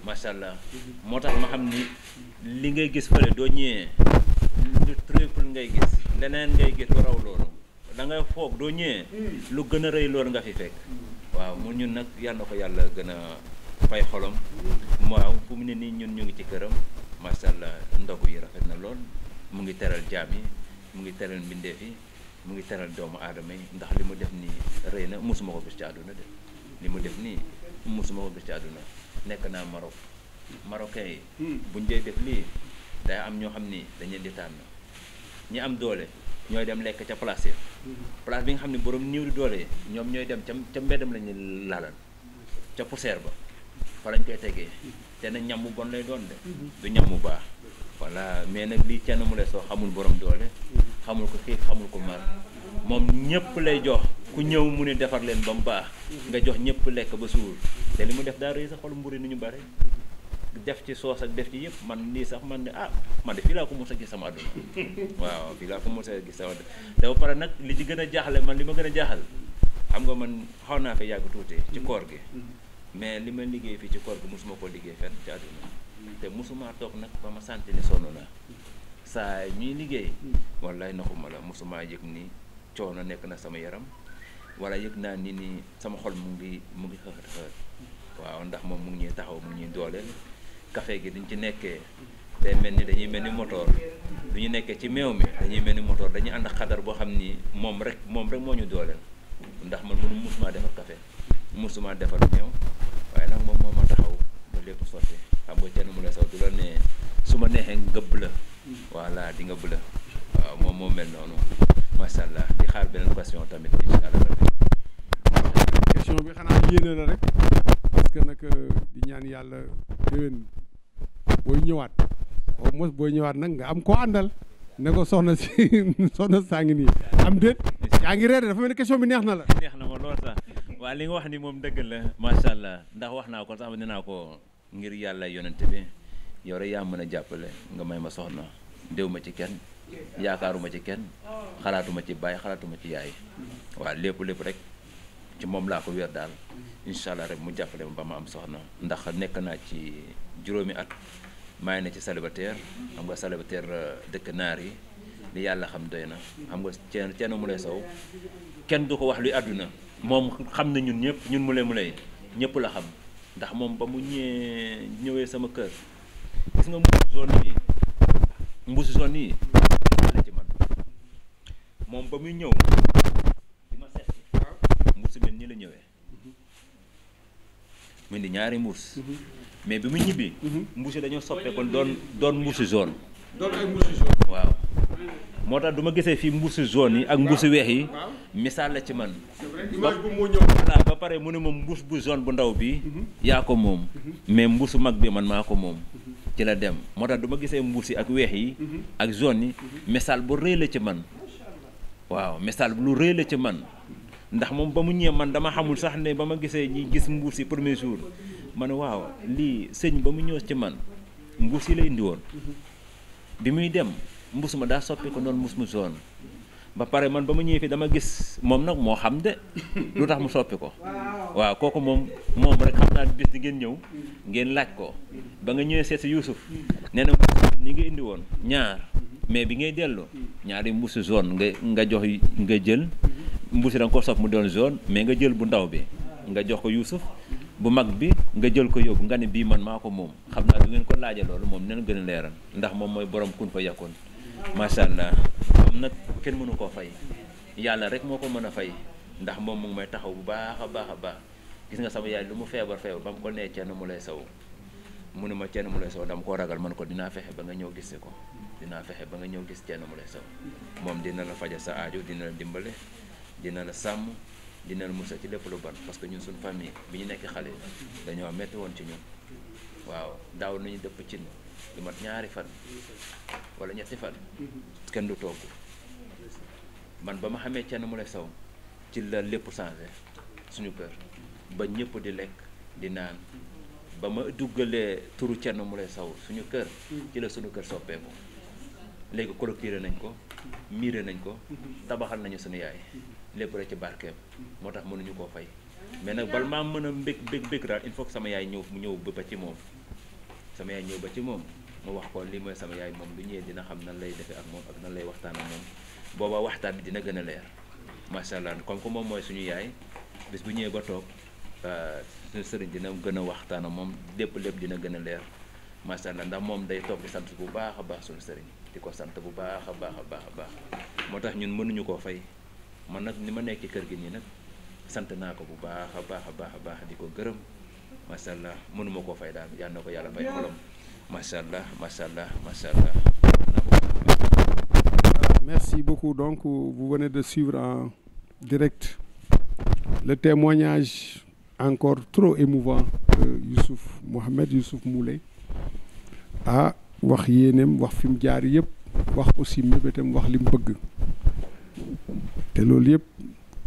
macha allah moo tax ma xam ni li ngay gis fële doo ñëwee du triple ngay gis leneen ngay gis lu raw loolu da ngay foog doo ñëwee lu gën a rëy loolu nga fi fekk waaw mu ñun nag yal ko yàlla gën a fay xolom waaw fu mu ne nii ñun ñu ngi ci këram macha allah ndogu yi rafet na lool mu ngi teral jaam yi mu ngi teral mbindeef yi mu ngi teral doomu aadama yi ndax li mu def nii rëy na musuma ko gis ci àdduna de li mu def nii musuma ko gis ci àdduna nekk naa Maroc marocain yi hmm. buñ dee def lii day am ñoo xam ni dañuy di ñi am doole ñooy dem lekk ca place yi place bi nga xam ne boroom niiw di doole ñoom ñooy dem ca ca mbeddam lañu laalal ca poussière ba fa lañ koy tegee te na ñam bu bon lay doon de du ñam bu baax voilà mais nag lii na mu lay soo xamul borom doole xamul ko xiif xamul ko mar moom ñëpp lay jox ku ñëw mu ne defar leen ba mu baax nga jox ñëpp lekk ba suur te li mu def daa rëy sa xol mburi ni ñu bare def ci soos ak def ci yëpp man nii sax man ne ah man de fii laa ko mos a gis sama àdduna waaw fii laa ko mos a gis sama àdduna te ba pare nag li ci gën a jaaxle man li ma gën a jaaxal xam nga man xaw naa fa yàgg tuuti ci mm-hmm. koor gi mm-hmm. mais li ma liggéey fii ci koor gi mosuma ko liggéey fenn ci àdduna mm-hmm. te mosumaa toog nag ba ma sant ni sonn naa saa ñuy liggéey wallaay naxuma la mosumaa yëg ni coono nekk na sama yaram wala yëg naa ni ni sama xol mu ngi mu ngi xëxët xëxët ndax moom mu ngi ñuy ñuy dooleel café gi diñ ci nekkee day mel ni dañuy mel ni motoor du ñu nekkee ci meew mi dañuy mel ni motoor dañu ànd ak xadar boo xam ni moom rek moom rek moo ñu dooleel ndax ma man mënu musuma defar café musuma defar meew waaye nag moom moo ma taxaw ba lépp sotti xam nga kenn mu lay saw du ne su ma neexee ngëbb la voilà di ngëbb la waaw moom moo mel noonu macha allah di xaar benn question tamit incha allah rabbi question bi xanaa yéene la rek parce que euh, di ñaan yàlla déwén booy ñëwaat au moins booy ñëwaat nag nga am koo àndal ne ko soxna si soxna saa ngi nii am déet yaa ngi reere dafa bi neex na la. neex na ma lool sax waaw li nga wax ni moom dëgg la macha allah ndax wax naa ko sax ne naa ko ngir yàlla yonent bi yow rek mën a jàppale nga may ma soxna déw ma ci kenn yaakaaruma ci kenn xalaatuma ci baay xalaatuma ci yaay waaw lépp lépp rek ci moom laa ko wér daal incha allah rek mu jàppale ma ba ma am soxna ndax nekk naa ci juróomi at. maa ngi ne ci célibataire xam nga célibataire euh, dëkk naar yi li yàlla xam doy na xam nga ceen ceen mu lay sow kenn du ko wax luy àdduna moom xam na ñun ñëpp ñun mu lay mu lay ñëpp la xam ndax moom ba mu ñëwee ñëwee sama kër gis nga mbuusi zone yi mbuusi zone yi ci moom ba muy ñëw di ma seet mbuusi nii la ñëwee mu indi ñaari mbuus mm-hmm. mais bi mu ñibbi. Mhm. mbuus yi dañoo soppeeku doon doon mbuusu jaune. doon mbuusu jaune. waaw moo tax du ma gisee fii mbuusu jaune yi ak mbuusu weex yi. misaal la ci man. c'est ba pare mu ne ma mbuus bu jaune bu ndaw bi mhm. yaa ko moom. Mhm. mais mbuusu mag bi man maa ko moom. ci la dem moo tax du ma gisee mbuus yi ak weex yi. ak jaune yi misaal bu rëy la ci man. waaw misaal lu rëy la ci man. ndax moom ba mu ñëwee man dama xamul sax ne ba ma gisee ñi gis mbuus yi premier jour. ma ne waaw lii sëñ ba mu ñëw ci man mbuus yi la indi woon bi muy dem mbuus ma daa soppi ko noonu mbuus mu soon ba pare man ba ma ñëwee fii dama gis moom nag moo xam de lu tax mu soppi ko waaw kooku moom moom rek xam naa bis di ngeen ñëw ngeen laaj ko ba nga ñëwee seet si Yuusuf nee na ni nga indi woon ñaar mais bi ngay dellu ñaari mbuusi zone nga nga jox nga jël mbuusi da nga ko sopp mu doon zone mais nga jël bu ndaw bi nga jox ko Yuusuf bu mag bi nga jël ko yóbbu nga ne bii man maa ko moom xam naa du ngeen ko laaja loolu moom na gën a leeral ndax moom mooy borom kun fa yàkkoon macha allah moom nag kenn mënu koo fay yàlla rek moo ko mën a fay ndax moom mu ngi may taxaw bu baax a baax a baax gis nga sama yaay lu mu feebar feebar ba mu ko nee cenn mu lay saw mu ne ma cenn mu lay saw dama koo ragal man ko dinaa fexe ba nga ñëw gis ko dinaa fexe ba nga ñëw gis cenn mu lay saw moom dina la faja sa aajo dina dimbale dina la sàmm dina la musal ci lépp lu bon parce que ñun suñu famille bi ñu nekk xale dañoo metti woon ci ñun waaw daaw nañu dëpp cin lu mat ñaari fat wala ñetti fan kenn du togg man ba ma xamee Thierno Moule saw ci la lépp changé suñu kër ba ñëpp di lekk di naan ba ma duggalee turu mu lay saw suñu kër ci la suñu kër soppeeku léegi clôturé nañ ko miiré nañ ko tabaxal nañu suñu yaay lépp rek ci barkeem moo tax mënuñu koo fay mais nag bal maa mën a mbég mbég mbég raa il faut sama yaay ñëw mu ñëw ba ci moom sama yaay ñëw ba ci moom mu wax ko lii mooy sama yaay moom lu ñëwee dina xam nan lay defe ak moom ak nan lay waxtaan moom booba waxtaan bi dina gën a leer macha allah comme moom mooy suñu yaay bis bu ñëwee ba toog euh, suñu dina gën a waxtaan moom lépp lépp dina gën a leer macha ndax moom day toog sant bu baax a baax suñu sëriñ di ko sant bu baax a baax a baax a baax moo tax ñun mënuñu koo fay. man nag ni ma nekkee kër gi nii nag sant naa ko bu baax a baax a baax a baax di ko gërëm macha allah mënuma koo fay daal yal ko yàlla fay xolam macha allah macha allah macha allah. merci beaucoup donc vous venez de suivre en direct le témoignage encore trop émouvant de Youssouf Mohamed Youssouf Moulay ah wax yéeneem wax fi mu jaar yëpp wax aussi mébétam wax li mu bëgg te loolu yëpp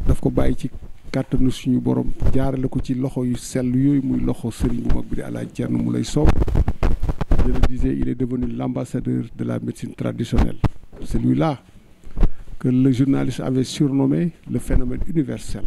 daf ko bàyyi ci kàttanu suñu borom jaarale ko ci loxo yu sell yooyu muy loxo sëriñ bu mag bi di Alaaji Thierno mu lay soow le disais il est devenu l'ambassadeur de la médecine traditionnelle celui-là la le journaliste avait surnommé le phénomène universel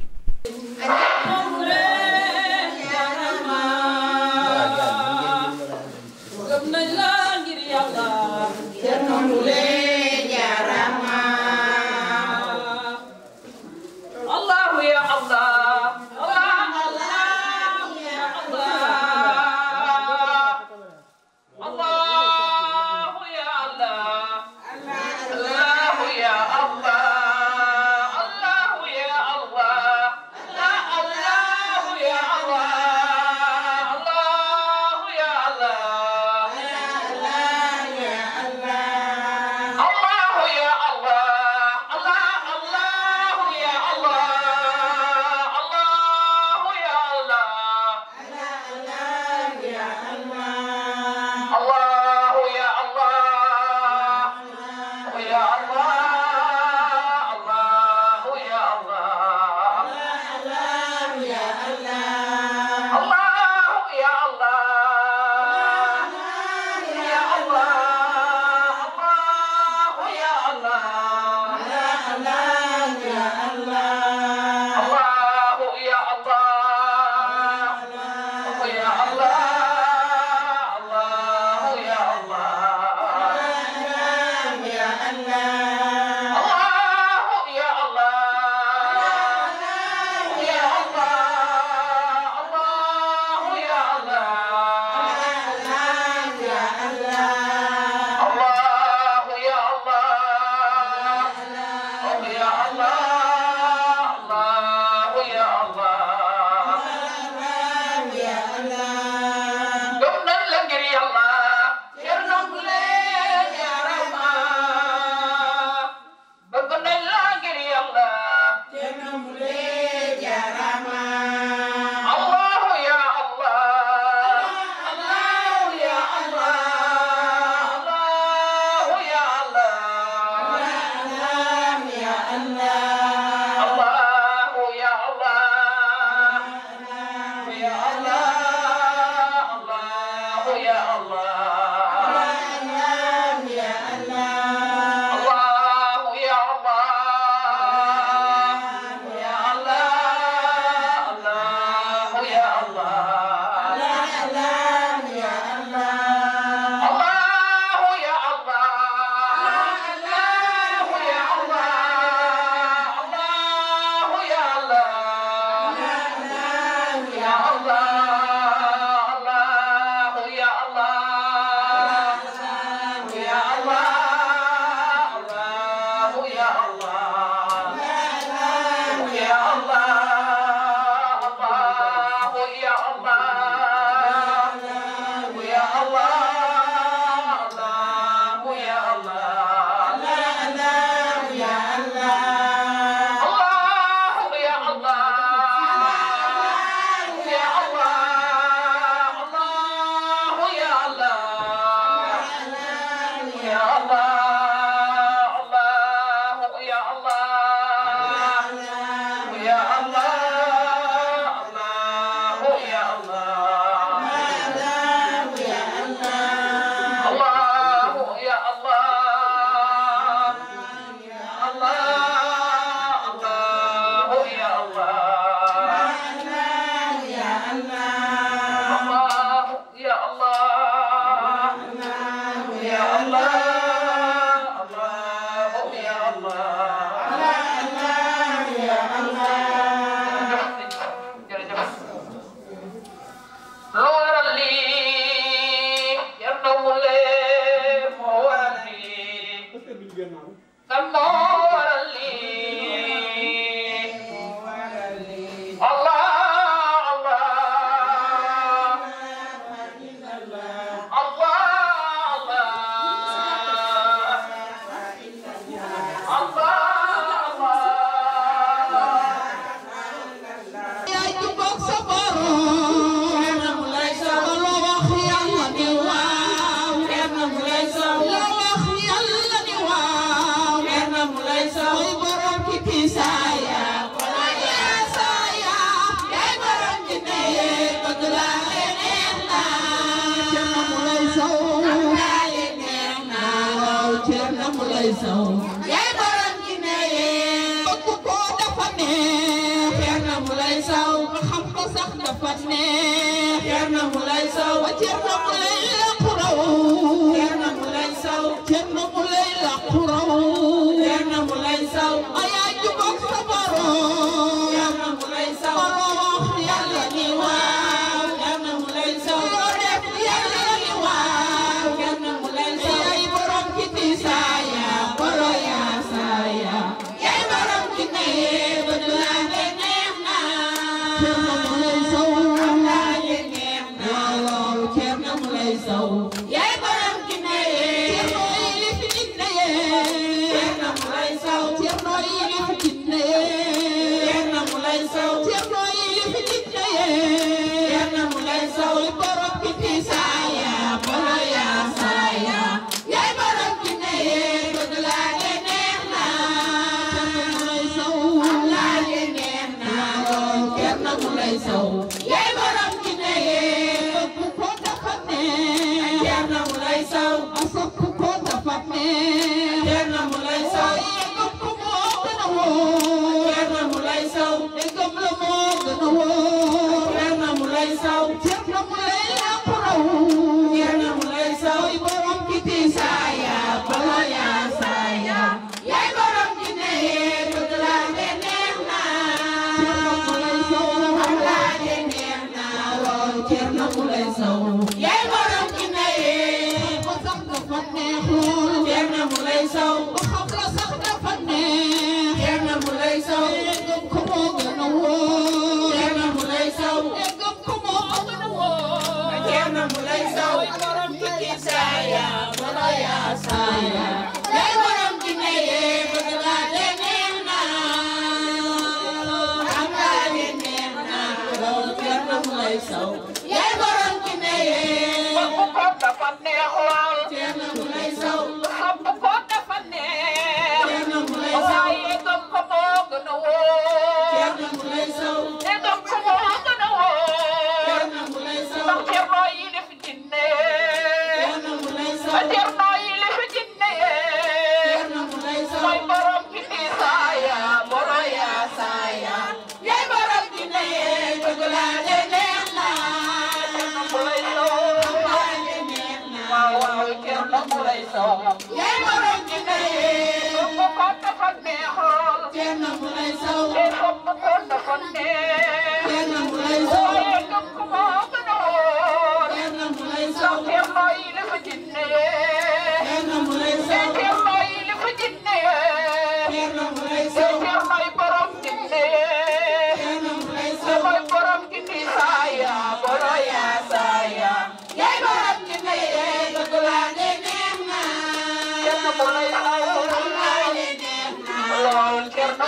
kenn mu lay saw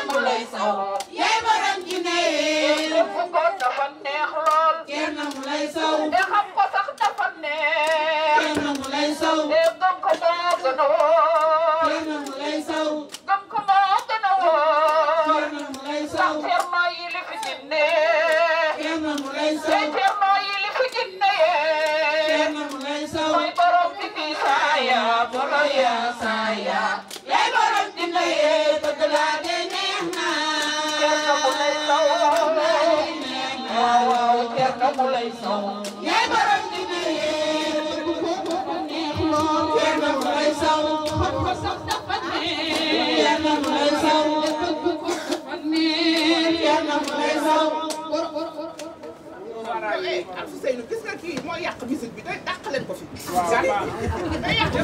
mu lay saw yaay baram a neen bu ko dafa neex lool kenn mu lay saw te xam ko eh Alfousseynou gis nga kii moo yàq musique bi day dàq leen ko fi. waaw waaw day yàq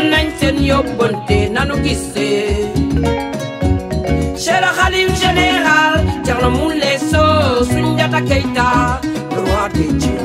am nañ seen yóbbante nanu gisee Cheikh la xalif général Thierno Moule Sow Soundiata Keita roi des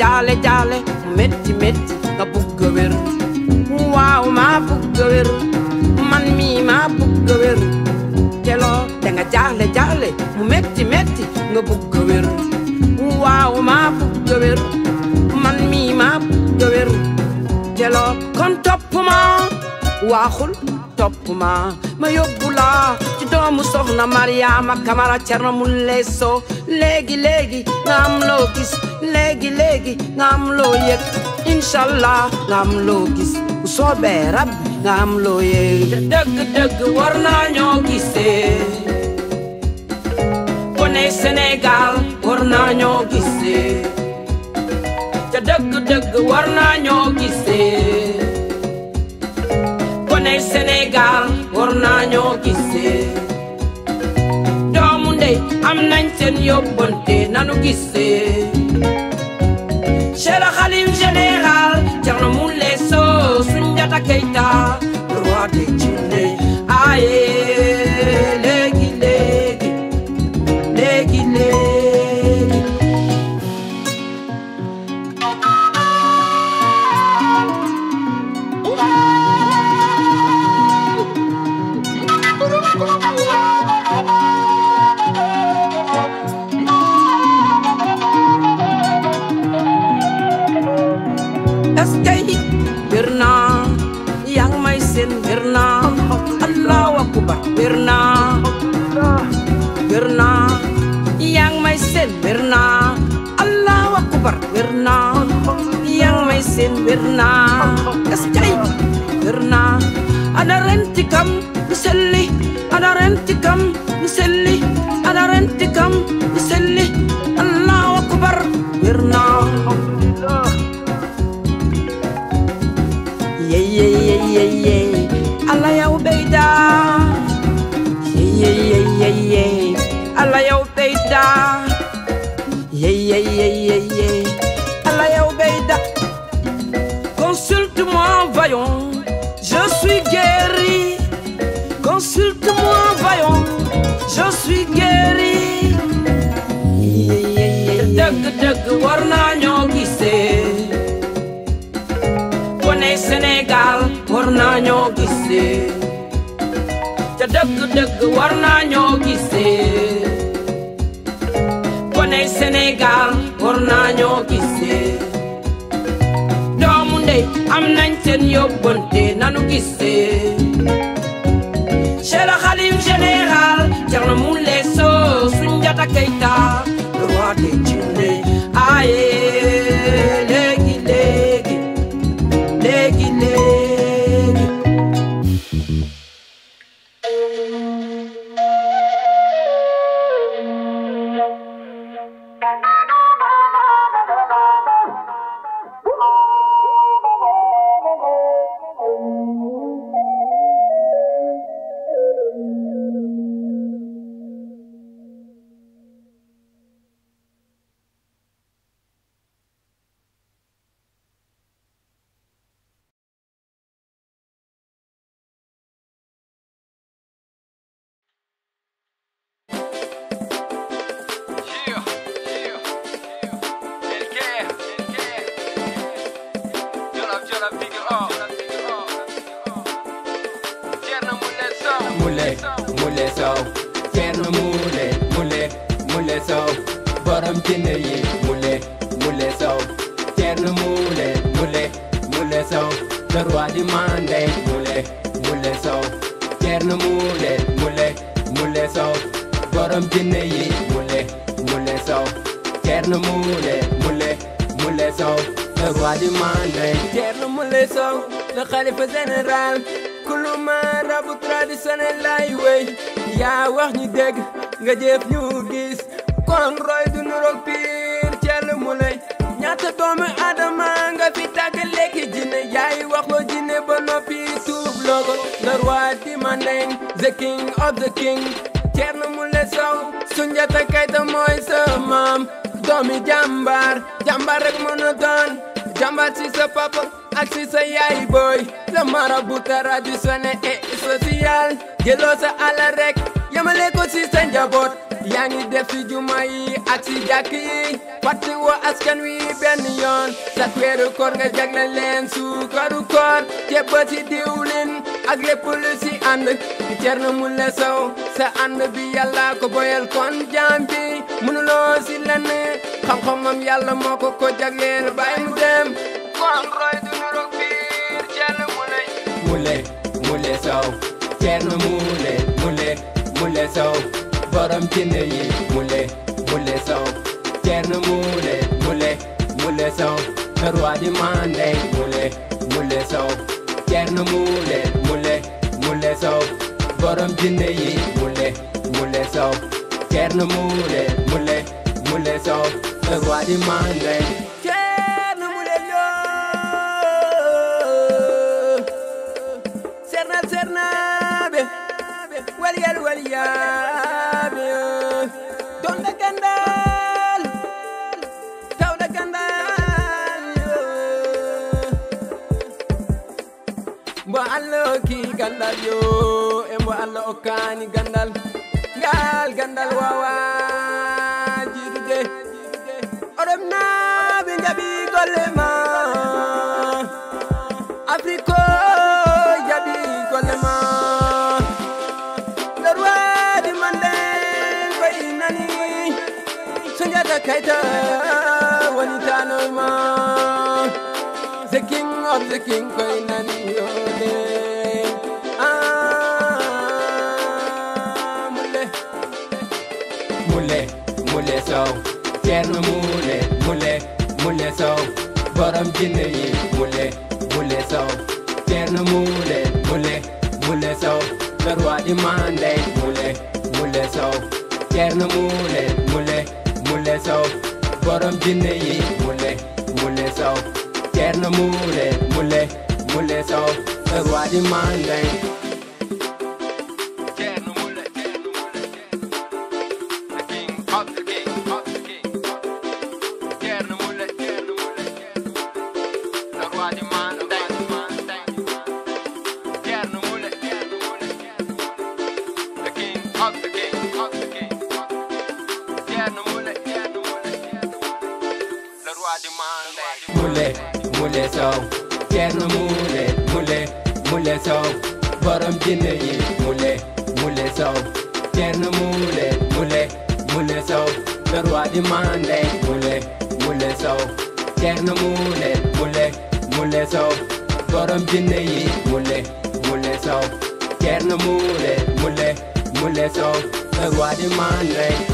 jaale jaale mu métti métti nga bugg a wér waaw maa bugg a wér man mii maa bugg a wér danga jaale jaale mu métti métti nga bugg a wér waaw maa bugg a wér man mii maa bugg a wér kon topp ma waaxul topp ma ma yóbbu la ci doomu soxna Mariama Kamara Cerno Mulle Sow léegi léegi nga am loo gis léegi léegi nga loo yëg inshallah nga loo gis bu soobee rab nga am loo yëg dëgg dëgg war naa ñoo gisee kone Sénégal war naa ñoo gisee ca dëgg dëgg war naa ñoo gisee kone Sénégal war naa ñoo gisee doomu ndey am nañ seen yóbbante nanu gisee Cheikh la xalif général Thierno Moule Sow Soundiata Keita roi des jinne Thierno Moule Sow sa ànd bi yàlla ko boyal kon jaam bi mënuloo si lenn xam-xamam yàlla moo ko ko jagleel bàyyi mu dem kon roy du nuru biir Thierno Moule Moule Moule Sow Thierno Moule Moule Moule Sow borom jinne yi Moule Moule Sow Thierno Moule Moule Moule Sow le roi du Mandé Moule Moule Sow Thierno Moule Moule Moule Sow borom jinne yi Moulé Moulé Sow Thierno Moulé Moulé Moulé Sow te voix du Mandé Thierno Moulé Lo Serna Serna be waliyal waliyal allah hokki gandal yo emo allah hokkani gandal ngal gandal wawa jiidude oɗon naɓe jaɓi golle ma afrique o jaɓi golle ma lorwadi man ɗe koye nani so jata kayta woni tanoma the king of the king nani Sow Thierno Moule Moule Moule Sow borom jinne yi Moule Moule Sow Thierno Moule Moule Moule Sow le roi du Mandé Moule Moule Sow Thierno Moule Moule Moule Sow borom jinne yi Moule Moule Sow Thierno Moule Moule Moule Sow le roi du Mandé Moulé Moulé Sow Thierno Moulé Moulé Moulé Sow borom jinne yi Moulé Moulé Sow Thierno Moulé Moulé Moulé Sow le roi du Mandé Moulé Moulé Sow Thierno Moulé Moulé Moulé Sow borom jinne yi Moulé Moulé Sow Thierno Moulé Moulé Moulé Sow le roi du Mandé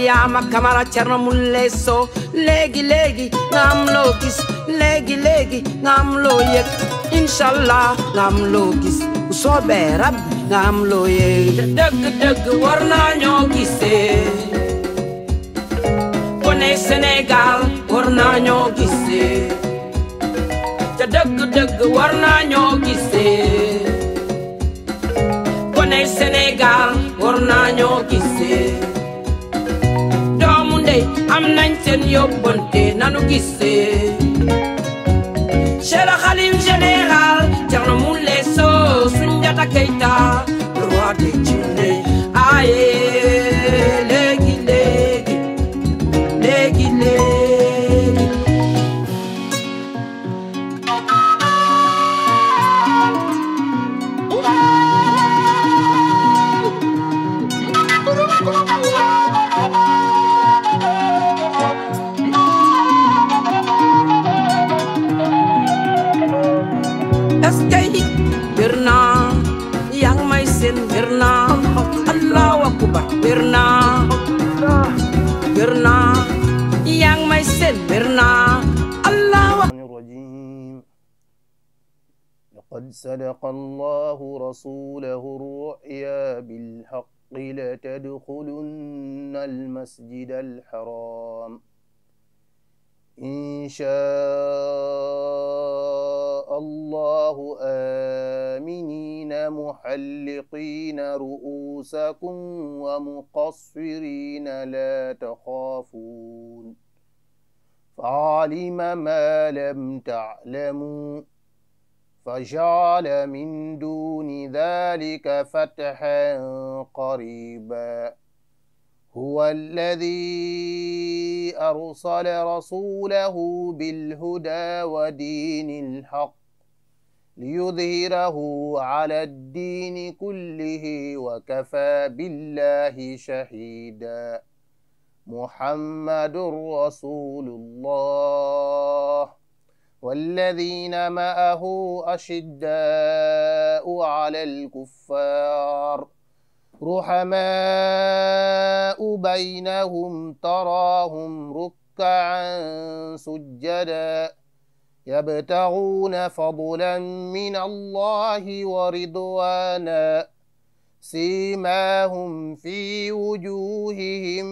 Mariama Kamara Cerno Muley Sow léegi léegi nga am loo gis léegi léegi nga am loo yëg inshallah nga am loo gis bu soobee rab nga am loo yëg te dëgg dëgg war naa ñoo gisee kone Sénégal war naa ñoo gisee te dëgg dëgg war naa ñoo nañ seen yóbbante nanu gisee Cheikh Khalif général Thierno Moule Sow Soundiata Keita bir naa yaa ngi may seen bir naa allah لقد صدق الله رسوله الرؤيا بالحق لتدخلن المسجد الحرام إن شاء الله آمنين محلقين رؤوسكم ومقصرين لا تخافون فعلم ما لم تعلموا فجعل من دون ذلك فتحا قريبا هو الذي أرسل رسوله بالهدى ودين الحق ليظهره على الدين كله وكفى بالله شهيدا محمد رسول الله والذين معه أشداء على الكفار رحماء بينهم تراهم ركعا سجدا يبتغون فضلا من الله ورضوانا سيماهم في وجوههم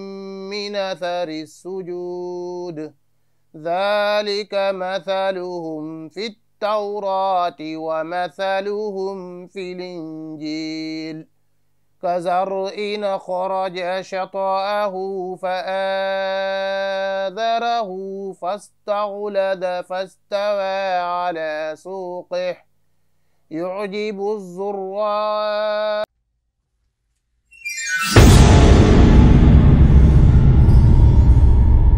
من اثر السجود ذلك مثلهم في التوراه ومثلهم في الانجيل كزرع أخرج شطأه فآذره فاستغلد فاستوى على سوقه يعجب الزرار